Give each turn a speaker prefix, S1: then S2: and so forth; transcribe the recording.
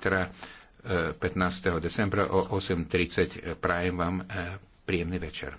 S1: E, teda 15. decembra o 8.30. E, prajem vám e, príjemný večer.